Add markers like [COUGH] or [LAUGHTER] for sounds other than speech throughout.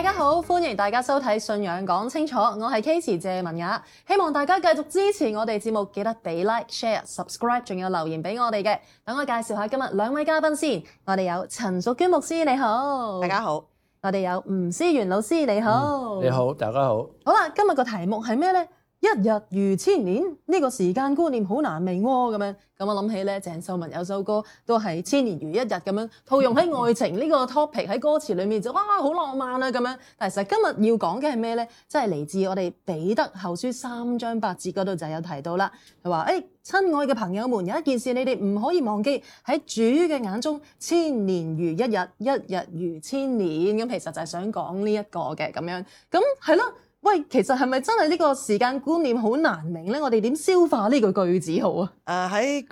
大家好，歡迎大家收睇《信仰講清楚》，我係 Katie 謝文雅，希望大家繼續支持我哋節目，記得俾 like、share、subscribe，仲有留言俾我哋嘅。等我介紹下今日兩位嘉賓先，我哋有陳淑娟牧師，你好；大家好，我哋有吳思源老師，你好、嗯。你好，大家好。好啦，今日個題目係咩呢？一日如千年，呢、這個時間觀念好難明喎。咁咁我諗起咧，鄭秀文有首歌都係千年如一日咁樣，套用喺愛情呢個 topic 喺歌詞裏面，就哇好浪漫啊，咁樣。但係實今日要講嘅係咩咧？即係嚟自我哋彼得後書三章八節嗰度就有提到啦。佢話：誒、欸、親愛嘅朋友們，有一件事你哋唔可以忘記，喺主嘅眼中千年如一日，一日如千年。咁其實就係想講呢一個嘅咁樣。咁係咯。喂，其實係是咪是真係呢個時間觀念好難明呢？我哋點消化呢個句，句子好啊？喺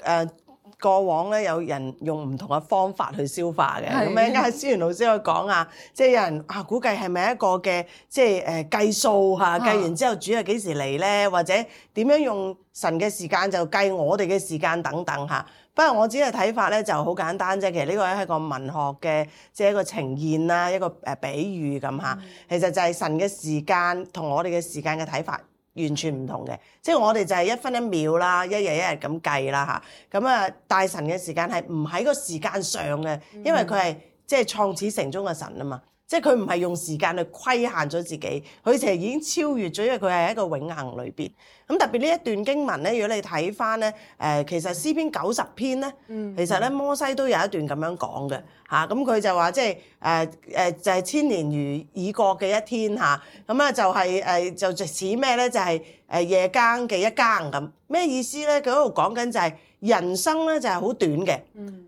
過往咧有人用唔同嘅方法去消化嘅，咁樣啱先，思源老師佢講啊，即係有人啊估計係咪一個嘅即係誒計數嚇，計完之後主係幾時嚟咧，或者點樣用神嘅時間就計我哋嘅時間等等嚇。不過我自己嘅睇法咧就好簡單啫，其實呢個係一個文學嘅，即係一個呈現啦，一個誒比喻咁嚇。其實就係神嘅時間同我哋嘅時間嘅睇法。完全唔同嘅，即係我哋就係一分一秒啦，一日一日咁計啦吓，咁啊大神嘅時間係唔喺個時間上嘅，因為佢係即係創始成終嘅神啊嘛。即係佢唔係用時間去規限咗自己，佢其實已經超越咗，因為佢係一個永恆裏邊。咁特別呢一段經文咧，如果你睇翻咧，其實詩篇九十篇咧，嗯、其實咧摩西都有一段咁樣講嘅嚇。咁佢、嗯、就話即係誒就係、是就是、千年如已過嘅一天嚇。咁啊就係、是、誒就似咩咧？就係夜更嘅一更咁。咩意思咧？佢嗰度講緊就係人生咧就係好短嘅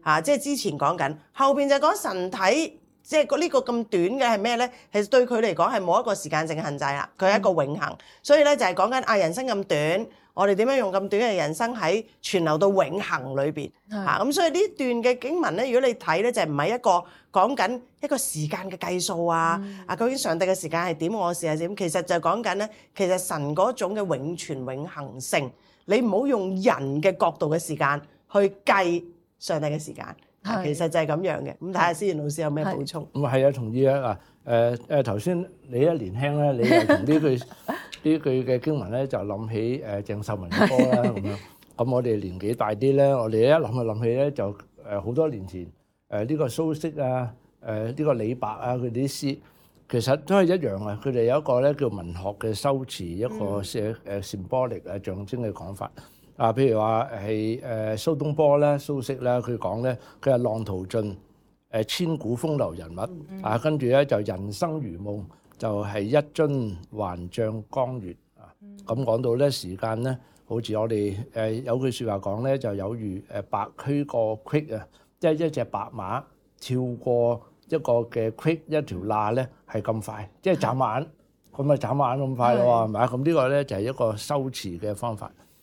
嚇。即係、嗯、之前講緊，後邊就講神體。即係呢個咁短嘅係咩咧？其實對佢嚟講係冇一個時間性嘅限制啦，佢係一個永恆。嗯、所以咧就係講緊啊人生咁短，我哋點樣用咁短嘅人生喺存留到永恆裏邊嚇？咁是的、啊、所以呢段嘅經文咧，如果你睇咧就唔、是、係一個講緊一個時間嘅計數啊、嗯、啊！究竟上帝嘅時間係點？我時係點？其實就講緊咧，其實神嗰種嘅永存永恆性，你唔好用人嘅角度嘅時間去計上帝嘅時間。是其實就係咁樣嘅，咁睇下思賢老師有咩補充？咁係啊，同意啊！啊誒誒，頭先你一年輕咧，你又同呢句呢句嘅經文咧就諗起誒鄭秀文嘅歌啦咁樣。咁我哋年紀大啲咧，我哋一諗啊諗起咧就誒好、呃、多年前誒呢、呃這個蘇軾啊誒呢、呃這個李白啊佢啲詩，其實都係一樣啊！佢哋有一個咧叫文學嘅修辭一個誒誒傳播力啊象徵嘅講法。啊，譬如話係誒蘇東坡咧、蘇軾咧，佢講咧，佢話浪淘盡誒千古風流人物、嗯、啊，跟住咧就人生如夢，就係、是、一樽還像江月、嗯、啊。咁講到咧時間咧，好似我哋誒、呃、有句説話講咧，就有如誒白駒過隙啊，即係一隻白馬跳過一個嘅隙一條罅咧，係咁快，即、就、係、是、眨眼咁啊，的眨眼咁快喎，係咪啊？咁呢個咧就係、是、一個修辭嘅方法。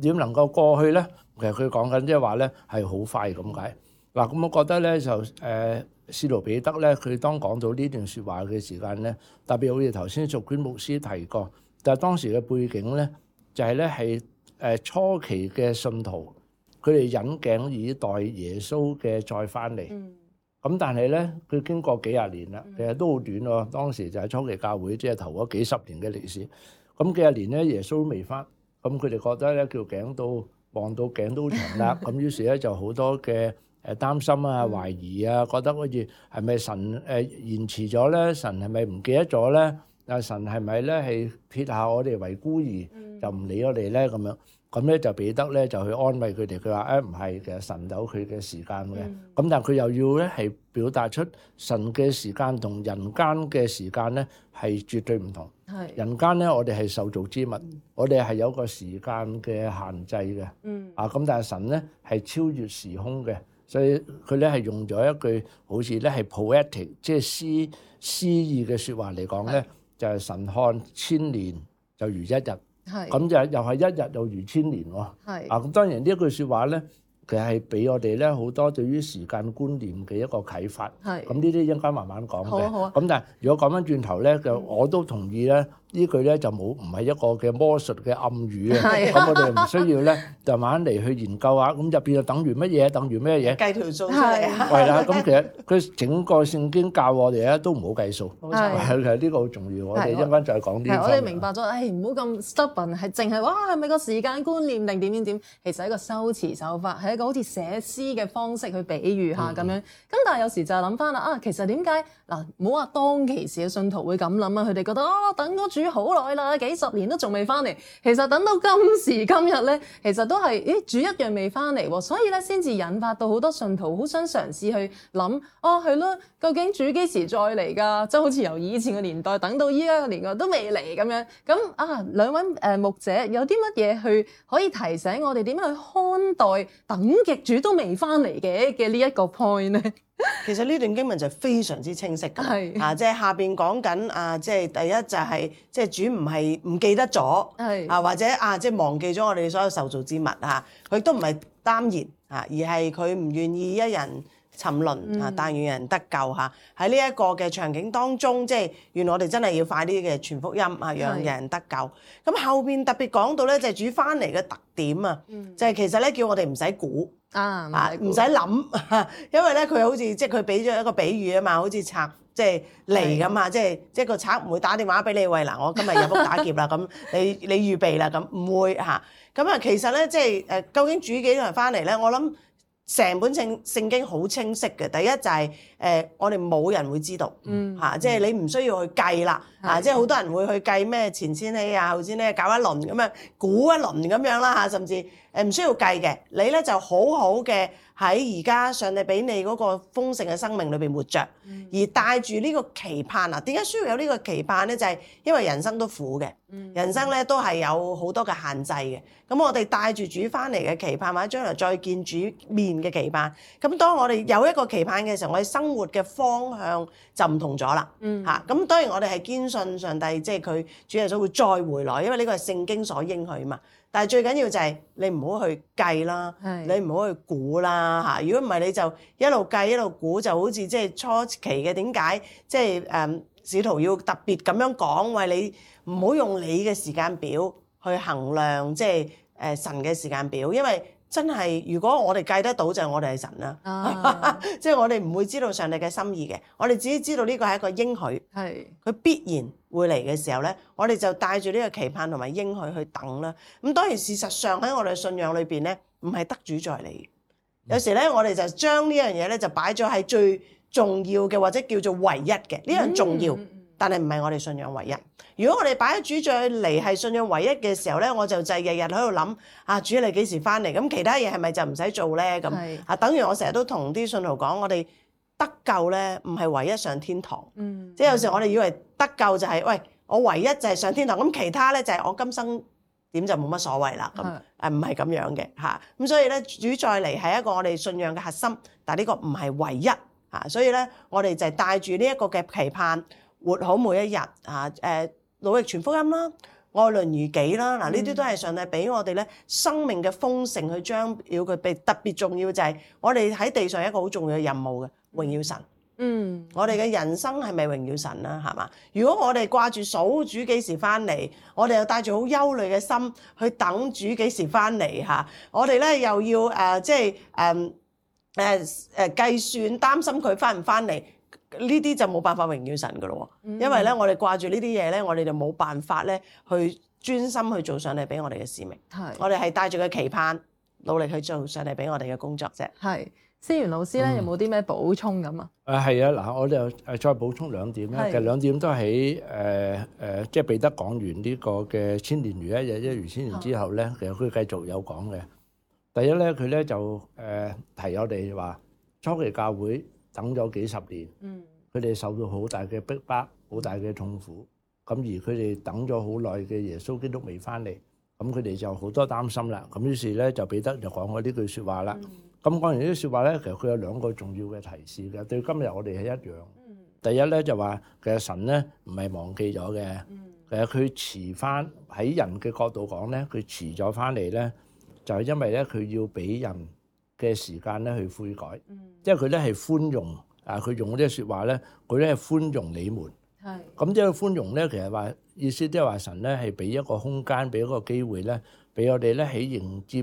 點能夠過去咧？其實佢講緊即係話咧係好快咁解。嗱咁，我覺得咧就誒使徒彼得咧，佢當講到呢段説話嘅時間咧，特別好似頭先做管牧師提過，但係當時嘅背景咧就係咧係誒初期嘅信徒，佢哋引頸以待耶穌嘅再翻嚟。咁但係咧，佢經過幾廿年啦，其實都好短喎。當時就係初期教會，即係頭嗰幾十年嘅歷史。咁幾廿年咧，耶穌都未翻。咁佢哋覺得咧，叫頸到望到頸都長啦，咁於是咧就好多嘅誒擔心啊、懷疑啊， [LAUGHS] 覺得好似係咪神誒延遲咗咧？神係咪唔記得咗咧？啊神係咪咧係撇下我哋為孤兒，就唔理我哋咧咁樣？咁咧就彼得咧就去安慰佢哋，佢話：誒唔係嘅，神有佢嘅時間嘅。咁、嗯、但係佢又要咧係表達出神嘅時間同人間嘅時間咧係絕對唔同。係是人間咧，我哋係受造之物，嗯、我哋係有個時間嘅限制嘅。嗯。啊，咁但係神咧係超越時空嘅，所以佢咧係用咗一句好似咧係 poetic，即係詩詩意嘅説話嚟講咧，是就係神看千年就如一日。咁是就又係一日又如千年喎，哦。是啊，咁當然呢一句說話咧，其實係俾我哋咧好多對於時間觀念嘅一個啟發。咁呢啲應該慢慢講嘅。好啊，好啊。咁但係如果講返轉頭咧，就我都同意咧。是嗯呢句咧就冇唔係一個嘅魔術嘅暗語啊，咁我哋唔需要咧，就慢嚟去研究下，咁就變就等於乜嘢？等於咩嘢？計條數先，係啦。咁其實佢整個聖經教我哋咧都唔好計數，呢個好重要。我哋一陣間再講啲。係，我哋明白咗，唉，唔好咁 stubborn，係淨係哇，係咪個時間觀念定點點點？其實係一個修辭手法，係一個好似寫詩嘅方式去比喻下咁樣。咁但係有時就係諗翻啦，啊，其實點解嗱？唔好話當其時嘅信徒會咁諗啊，佢哋覺得哦，等主好耐啦，幾十年都仲未翻嚟。其實等到今時今日咧，其實都係咦，主一樣未翻嚟喎，所以咧先至引發到好多信徒好想嘗試去諗，哦係咯，究竟主幾時再嚟噶？即係好似由以前嘅年代等到依家嘅年代都未嚟咁樣。咁啊，兩位誒牧者有啲乜嘢去可以提醒我哋點樣去看待等極主都未翻嚟嘅嘅呢一個 point 咧？ [LAUGHS] 其實呢段經文就係非常之清晰㗎是、啊即係，啊，即係下邊講緊啊，即係第一就係即係主唔係唔記得咗，係是啊或者啊即係、即係、忘記咗我哋所有受造之物啊，佢都唔係耽延。啊！而係佢唔願意一人沉淪啊，嗯、但願有人得救嚇。喺呢一個嘅場景當中，即係原來我哋真係要快啲嘅傳福音啊，讓人得救。咁是後面特別講到咧，就係主返嚟嘅特點、嗯、啊，就係其實咧叫我哋唔使估啊，唔使諗，因為咧佢好似即係佢俾咗一個比喻啊嘛，好似拆。即係嚟㗎嘛，即係即係個賊唔會打電話俾你喂，嗱，我今日入屋打劫啦咁， [LAUGHS] 你你預備啦咁，唔會嚇。咁啊，其實咧，即係誒，究竟主幾多人翻嚟咧？我諗成本聖聖經好清晰嘅，第一就係、是。誒、呃，我哋冇人會知道嚇、嗯啊，即係你唔需要去計啦，嗯、啊，即係好多人會去計咩前千呢啊後先呢、啊，搞一輪咁樣，估一輪咁樣啦嚇，甚至誒唔需要計嘅，你咧就好好嘅喺而家上帝俾你嗰個豐盛嘅生命裏面活著，嗯、而帶住呢個期盼啊，點解需要有呢個期盼咧？就係、是、因為人生都苦嘅，嗯、人生咧都係有好多嘅限制嘅，咁我哋帶住主翻嚟嘅期盼，或者將來再見主面嘅期盼，咁當我哋有一個期盼嘅時候，我哋生。生活嘅方向就唔同咗啦，嗯，吓咁當然我哋係堅信上帝即係佢主耶穌會再回來，因為呢個係聖經所應許嘛。但係最緊要就係你唔好去計啦，係是你唔好去估啦，吓如果唔係你就一路計一路估就好似即係初期嘅點解即係誒，使徒要特別咁樣講，喂，你唔好用你嘅時間表去衡量即係誒神嘅時間表，因為。真係，如果我哋計得到就係、是、我哋係神啦，即係、啊、 [LAUGHS] 我哋唔會知道上帝嘅心意嘅，我哋只知知道呢個係一個應許，係佢是必然會嚟嘅時候咧，我哋就帶住呢個期盼同埋應許去等啦。咁當然事實上喺我哋信仰裏面咧，唔係得主再嚟，是有時咧我哋就將呢樣嘢咧就擺咗係最重要嘅或者叫做唯一嘅呢樣重要。嗯但係唔係我哋信仰唯一。如果我哋擺咗主再嚟係信仰唯一嘅時候咧，我就就日日喺度諗啊，主你幾時翻嚟？咁其他嘢係咪就唔使做咧？咁啊是，等於我成日都同啲信徒講，我哋得救咧唔係唯一上天堂，嗯、即係有時我哋以為得救就係、是、喂我唯一就係上天堂，咁其他咧就係我今生點就冇乜所謂啦。咁是啊唔係咁樣嘅咁、啊，所以咧主再嚟係一個我哋信仰嘅核心，但係呢個唔係唯一、啊、所以咧我哋就係帶住呢一個嘅期盼。活好每一日，嚇、啊啊、努力傳福音啦，愛鄰如己啦，嗱呢啲都係上帝俾我哋咧生命嘅豐盛去將要佢被特別重要就係、是、我哋喺地上一個好重要嘅任務嘅榮耀神。嗯，我哋嘅人生係咪榮耀神啦？係嘛？如果我哋掛住數主幾時翻嚟，我哋又帶住好憂慮嘅心去等主幾時翻嚟、啊、我哋咧又要誒、啊、即係誒誒計算擔心佢翻唔翻嚟。呢啲就冇辦法榮耀神嘅咯，因為咧我哋掛住呢啲嘢咧，我哋就冇辦法咧去專心去做上帝俾我哋嘅使命。係的，我哋係帶住個期盼，努力去做上帝俾我哋嘅工作啫。係，思源老師咧、嗯、有冇啲咩補充咁啊？誒係啊，嗱，我哋就誒再補充兩點啦。其實兩點都喺誒誒，即係彼得講完呢個嘅千年如一日，一如千年之後咧，的其實佢繼續有講嘅。第一咧，佢咧就誒提我哋話初期教會。等咗幾十年，嗯，佢哋受到好大嘅逼迫，好大嘅痛苦。咁而佢哋等咗好耐嘅耶穌基督未翻嚟，咁佢哋就好多擔心啦。咁於是咧就彼得就講過呢句説話啦。嗯，咁講完呢句説話咧，其實佢有兩個重要嘅提示嘅，對今日我哋係一樣。第一咧就話其實神咧唔係忘記咗嘅，嗯，其實佢遲翻喺人嘅角度講咧，佢遲咗翻嚟咧，就係因為咧佢要俾人嘅時間咧去悔改，即係佢咧係寬容，嗯、啊佢用嗰啲説話咧，佢咧係寬容你們。係咁是，即係、嗯即係、寬容咧，其實話意思即係話神咧係俾一個空間，俾一個機會咧，俾我哋咧喺迎接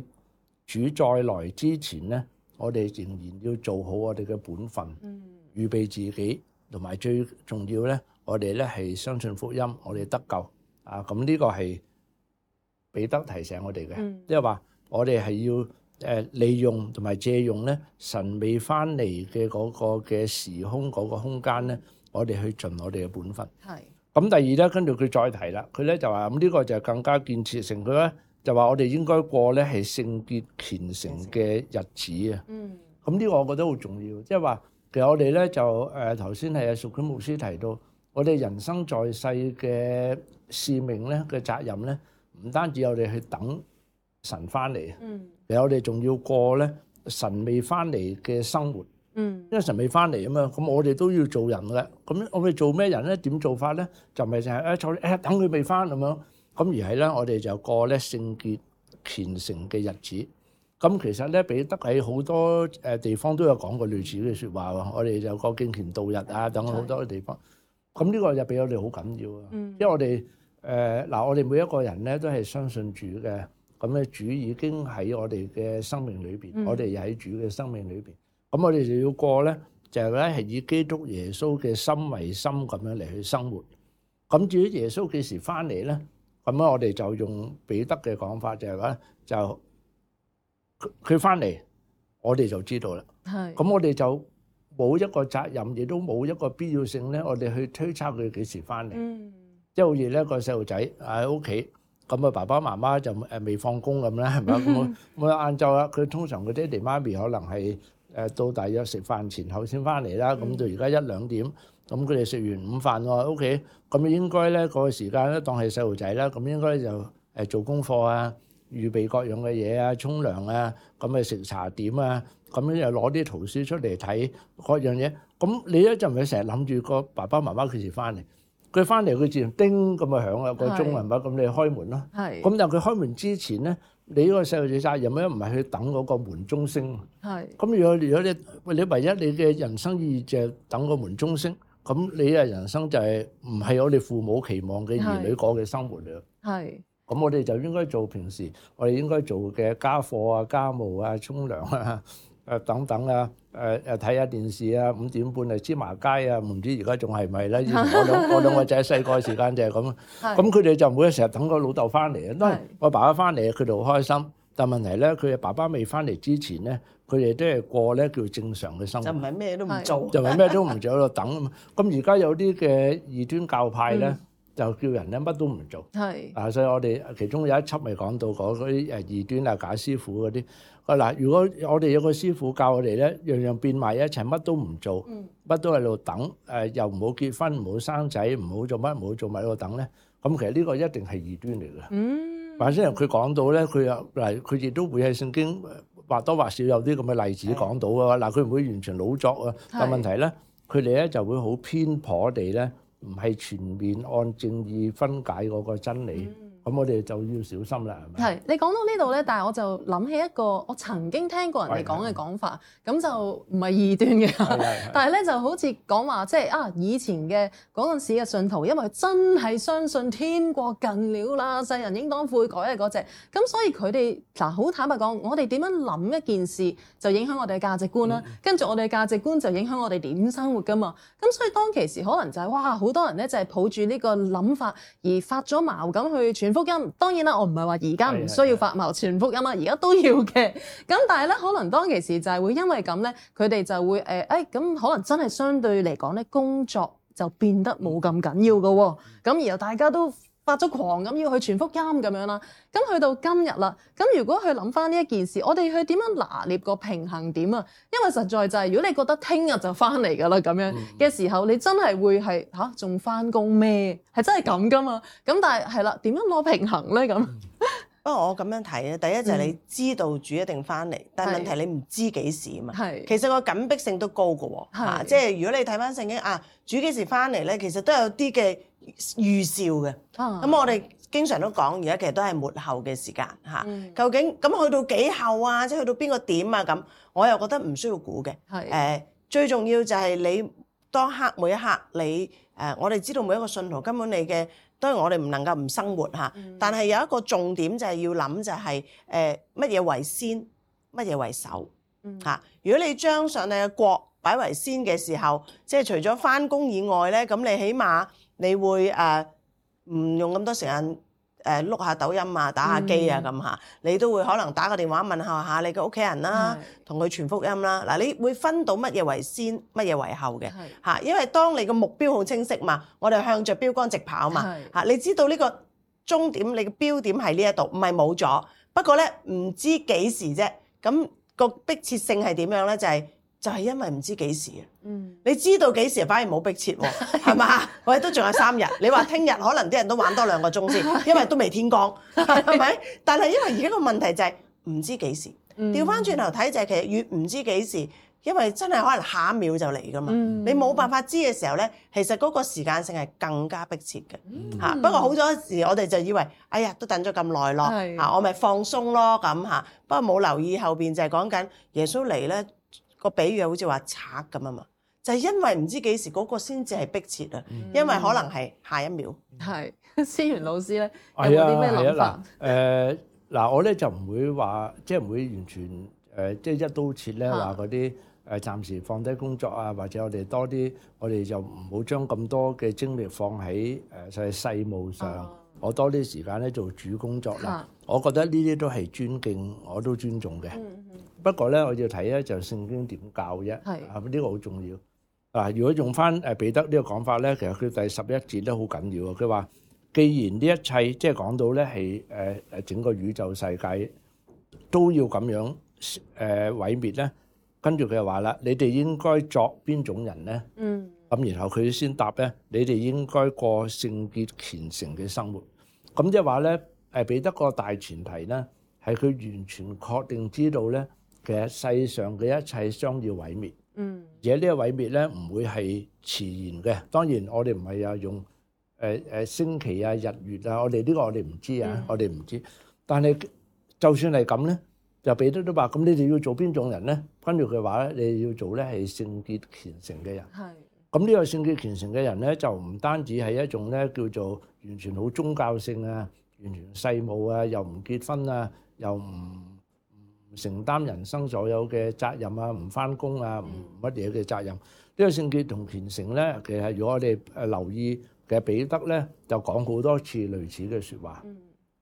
主再來之前咧，我哋仍然要做好我哋嘅本分，嗯，預備自己，同埋最重要咧，我哋咧係相信福音，我哋得救。啊，咁呢個係彼得提醒我哋嘅，即係話我哋係要。誒利用同埋借用咧，神未翻嚟嘅嗰個嘅時空嗰個空間咧，我哋去盡我哋嘅本分。係是。咁第二咧，跟住佢再提啦，佢咧就話咁呢個就更加建設性，佢咧就話我哋應該過咧係聖潔虔誠嘅日子啊。嗯。咁呢個我覺得好重要，即係話其實我哋咧就誒頭先係阿淑君牧師提到，我哋人生在世嘅使命咧嘅責任咧，唔單止我哋去等。神翻嚟啊！嗯、我哋仲要過咧神未翻嚟嘅生活，嗯、因為神未翻嚟啊嘛。咁我哋都要做人嘅。咁我哋做咩人咧？點做法咧？就咪就係誒坐誒等佢未翻咁樣，咁而係咧我哋就過咧聖潔虔誠嘅日子。咁其實咧彼得喺好多誒地方都有講過類似嘅説話喎。我哋就過敬虔度日啊，等好多嘅地方。咁呢、嗯、個就俾我哋好緊要啊。嗯、因為我哋誒嗱，我哋每一個人咧都係相信主嘅。咁呢，主已經喺我哋嘅生命裏面，我哋又喺主嘅生命裏面。咁我哋就要過呢，就呢係以基督耶穌嘅心為心咁樣嚟去生活。咁至於耶穌幾時返嚟呢？咁呢，我哋就用彼得嘅講法就係話，就佢返嚟，我哋就知道喇。係。咁我哋就冇一個責任，亦都冇一個必要性呢，我哋去推測佢幾時返嚟。嗯。即係好似呢個細路仔喺屋企。咁啊，爸爸媽媽就誒未放工咁咧，係咪？咁每日晏晝啦，佢通常佢爹哋媽咪可能係誒到大約食飯前後先翻嚟啦。咁到而家一兩點，咁佢哋食完午飯喎，OK。咁應該咧，個時間咧，當係細路仔啦，咁應該就誒做功課啊，預備各樣嘅嘢啊，沖涼啊，咁啊食茶點啊，咁又攞啲圖書出嚟睇各樣嘢。咁你咧就唔係成日諗住個爸爸媽媽幾時翻嚟？佢翻嚟，佢自然叮咁嘅響啊個鐘係咪？咁你開門啦。係。咁但係佢開門之前咧，你呢個細路仔責任咩？唔係去等嗰個門鐘聲。係。咁如果，如果你喂，你唯一你嘅人生意義就係等個門鐘聲，咁你啊人生就係唔係我哋父母期望嘅兒女過嘅生活㗎。係。咁我哋就應該做平時我哋應該做嘅家課啊、家務啊、沖涼啊、誒等等啦。誒又睇下電視啊，五點半啊芝麻街啊，唔知而家仲係咪咧？以前我兩 [LAUGHS] 我兩個仔細個時間就係咁，咁佢哋就唔會成日等個老豆翻嚟啊。都係我爸爸翻嚟，佢哋好開心。但問題咧，佢哋爸爸未翻嚟之前咧，佢哋都係過咧叫正常嘅生活，就唔係咩都唔做，是就係咩都唔做喺度 [LAUGHS] 等啊。咁而家有啲嘅異端教派咧，就叫人咧乜都唔做。係啊 [LAUGHS] 是，所以我哋其中有一輯咪講到嗰嗰啲誒異端啊假師傅嗰啲。嗱，如果我哋有個師傅教我哋咧，樣樣變埋一齊，乜都唔做，乜都喺度等，誒又唔好結婚，唔好生仔，唔好做乜，唔好做乜喺度等咧，咁其實呢個一定係異端嚟嘅。萬先生佢講到咧，佢有嗱，佢亦都會喺聖經或多或少有啲咁嘅例子講到嘅話，嗱佢唔會完全老作啊，但問題咧，佢哋咧就會好偏頗地咧，唔係全面按正義分解嗰個真理。咁我哋就要小心啦，係咪？係你講到呢度咧，但係我就諗起一個我曾經聽過人哋講嘅講法，咁是就唔係異端嘅。是是是是但係咧就好似講話，即係啊以前嘅嗰陣時嘅信徒，因為真係相信天國近了啦，世人應當悔改嘅嗰隻，咁所以佢哋嗱好坦白講，我哋點樣諗一件事，就影響我哋嘅價值觀啦。嗯、跟住我哋嘅價值觀就影響我哋點生活噶嘛。咁所以當其時可能就係、是、哇，好多人咧就係抱住呢個諗法而發咗矛咁去福音，當然啦，我唔係話而家唔需要發冒全福音啊，而家都要嘅。咁但係咧，可能當其時就係會因為咁咧，佢哋就會誒，誒、哎、咁可能真係相對嚟講咧，工作就變得冇咁緊要㗎喎。咁然後大家都。發咗狂咁要去全福音咁樣啦，咁去到今日啦，咁如果去諗翻呢一件事，我哋去點樣拿捏個平衡點啊？因為實在就係、是、如果你覺得聽日就翻嚟噶啦咁樣嘅時候，你真係會係吓，仲翻工咩？係真係咁噶嘛？咁但係係啦，點樣攞平衡咧？咁 [LAUGHS] 不過我咁樣睇咧，第一就係你知道主一定翻嚟，嗯、但係問題你唔知幾時啊嘛。是其實個緊迫性都高噶喎是、啊，即係如果你睇翻聖經啊，主幾時翻嚟咧？其實都有啲嘅。預兆嘅，咁、啊、我哋經常都講，而家其實都係末後嘅時間、啊嗯、究竟咁去到幾後啊？即係去到邊個點啊？咁我又覺得唔需要估嘅是、呃。最重要就係你當刻每一刻你、呃、我哋知道每一個信徒根本你嘅，當然我哋唔能夠唔生活、啊嗯、但係有一個重點就係要諗就係乜嘢為先，乜嘢為首、嗯啊、如果你將上你嘅國擺為先嘅時候，即係除咗返工以外咧，咁你起碼，你會誒唔、呃、用咁多時間誒碌下抖音啊、打下機啊咁嚇，嗯、你都會可能打個電話問下嚇你嘅屋企人啦、啊，同佢傳福音啦。嗱，你會分到乜嘢為先，乜嘢為後嘅是，因為當你個目標好清晰嘛，我哋向着標杆直跑嘛是，你知道呢個終點，你嘅標點喺呢一度，唔係冇咗。不過咧，唔知幾時啫。咁、那個迫切性係點樣咧？就係、是。就係因為唔知幾時啊！你知道幾時，反而冇逼切喎，係嘛？我哋都仲有三日。你話聽日可能啲人都玩多兩個鐘先，因為都未天光，係咪？但係因為而家個問題就係唔知幾時。調翻轉頭睇就係其實越唔知幾時，因為真係可能下一秒就嚟噶嘛。你冇辦法知嘅時候咧，其實嗰個時間性係更加迫切嘅嚇。不過好多時，我哋就以為哎呀都等咗咁耐咯嚇，我咪放鬆咯咁嚇。不過冇留意後面就係講緊耶穌嚟咧。個比喻好似話賊咁啊嘛，就係、是、因為唔知幾時嗰、那個先至係迫切啊，嗯、因為可能係下一秒。係思源老師咧，啊、有啲咩諗法？誒嗱、呃呃呃，我咧就唔會話，即係唔會完全誒、呃，即係一刀切咧話嗰啲誒暫時放低工作啊，或者我哋多啲，我哋就唔好將咁多嘅精力放喺誒就係細務上，啊、我多啲時間咧做主工作啦。啊、了我覺得呢啲都係尊敬，我都尊重嘅。嗯嗯不過咧，我要睇咧就聖經點教啫，係，係咪呢個好重要？嗱，如果用翻誒彼得呢個講法咧，其實佢第十一節都好緊要啊。佢話：既然呢一切即係講到咧係誒誒整個宇宙世界都要咁樣誒毀滅咧，跟住佢就話啦：你哋應該作邊種人咧？嗯，咁然後佢先答咧：你哋應該過聖潔虔誠嘅生活。咁即係話咧，誒彼得個大前提咧係佢完全確定知道咧。其實世上嘅一切將要毀滅，而且呢個毀滅咧唔會係遲延嘅。當然我哋唔係又用誒誒星期啊、日月啊，我哋呢個我哋唔知啊，我哋唔知。但係就算係咁咧，就彼得都話：咁你哋要做邊種人咧？跟住佢話咧，你要做咧係聖潔虔誠嘅人。係。咁呢個聖潔虔誠嘅人咧，就唔單止係一種咧叫做完全好宗教性啊，完全世務啊，又唔結婚啊，又唔。承擔人生所有嘅責任啊，唔翻工啊，唔乜嘢嘅責任。呢個聖潔同虔誠咧，其實如果我哋誒留意嘅彼得咧，就講好多次類似嘅說話。嗯。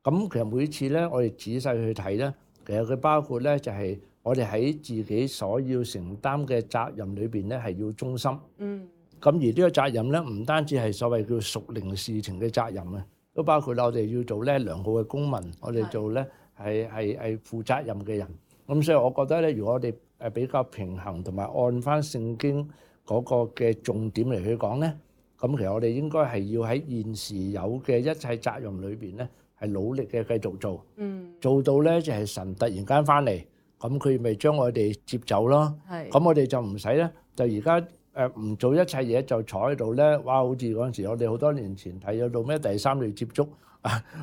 咁其實每次咧，我哋仔細去睇咧，其實佢包括咧就係我哋喺自己所要承擔嘅責任裏邊咧，係要忠心。嗯。咁而呢個責任咧，唔單止係所謂叫屬靈事情嘅責任啊，都包括啦。我哋要做咧良好嘅公民，我哋做咧係係係負責任嘅人。咁所以我覺得咧，如果我哋誒比較平衡同埋按翻聖經嗰個嘅重點嚟去講咧，咁其實我哋應該係要喺現時有嘅一切責任裏邊咧，係努力嘅繼續做，嗯，做到咧就係神突然間翻嚟，咁佢咪將我哋接走咯，係，咁我哋就唔使咧，就而家誒唔做一切嘢就坐喺度咧，哇！好似嗰陣時我哋好多年前睇咗做咩第三類接觸。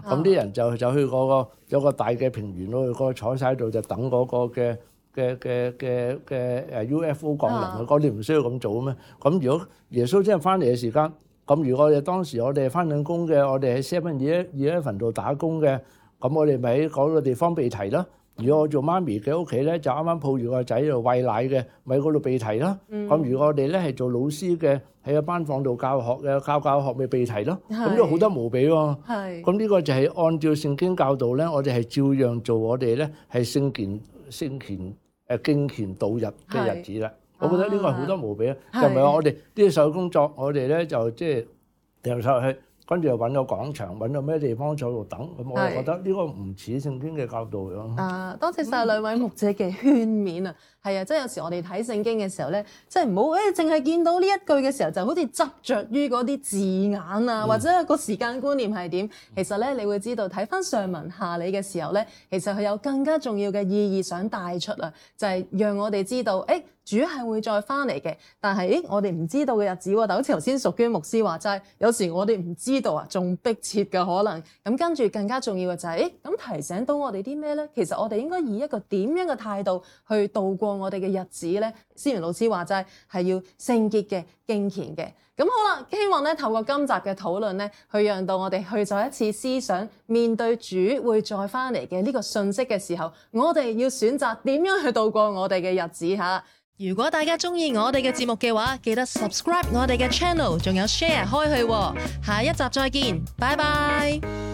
咁啲人就就去嗰個有個大嘅平原嗰度，嗰度坐曬度就等嗰個嘅嘅嘅嘅嘅誒 UFO 降臨啊！嗰啲唔需要咁做咩？咁如果耶穌真係翻嚟嘅時間，咁如果我哋當時我哋翻緊工嘅，我哋喺 Seven Eleven 度打工嘅，咁我哋咪喺嗰個地方被提咯。如果我做媽咪喺屋企咧，就啱啱抱住個仔喺度餵奶嘅，咪嗰度被提咯。咁如果我哋咧係做老師嘅喺班房度教學嘅，教教學咪被提咯。咁都好多無比喎。係。咁呢個就係按照聖經教導咧，我哋係照樣做我哋咧係敬虔敬虔誒敬虔度日嘅日子啦。我覺得呢個好多無比啊，就係我哋啲手工作，我哋咧就即係掉晒去。跟住又揾到廣場，揾到咩地方走度等，咁是我就覺得呢個唔似聖經嘅教導。咯。啊，多謝晒兩位牧者嘅勸勉、嗯、啊，係啊，即係有時我哋睇聖經嘅時候咧，即係唔好誒，淨係見到呢一句嘅時候，就好似執着於嗰啲字眼啊，嗯、或者個時間觀念係點，其實咧你會知道睇翻上文下理嘅時候咧，其實佢有更加重要嘅意義想帶出啊，就係、是、讓我哋知道誒。誒主係會再翻嚟嘅，但係，誒，我哋唔知道嘅日子喎。好似頭先，淑娟牧師話齋，有時我哋唔知道啊，仲逼切嘅可能。咁跟住更加重要嘅就係，誒，咁提醒到我哋啲咩咧？其實我哋應該以一個點樣嘅態度去度過我哋嘅日子咧？思源老師話齋係要聖潔嘅、敬虔嘅。咁好啦，希望咧透過今集嘅討論咧，去讓到我哋去做一次思想，面對主會再翻嚟嘅呢個信息嘅時候，我哋要選擇點樣去度過我哋嘅日子吓。如果大家中意我哋嘅節目嘅話，記得 subscribe 我哋嘅 channel，仲有 share 開去。下一集再見，拜拜。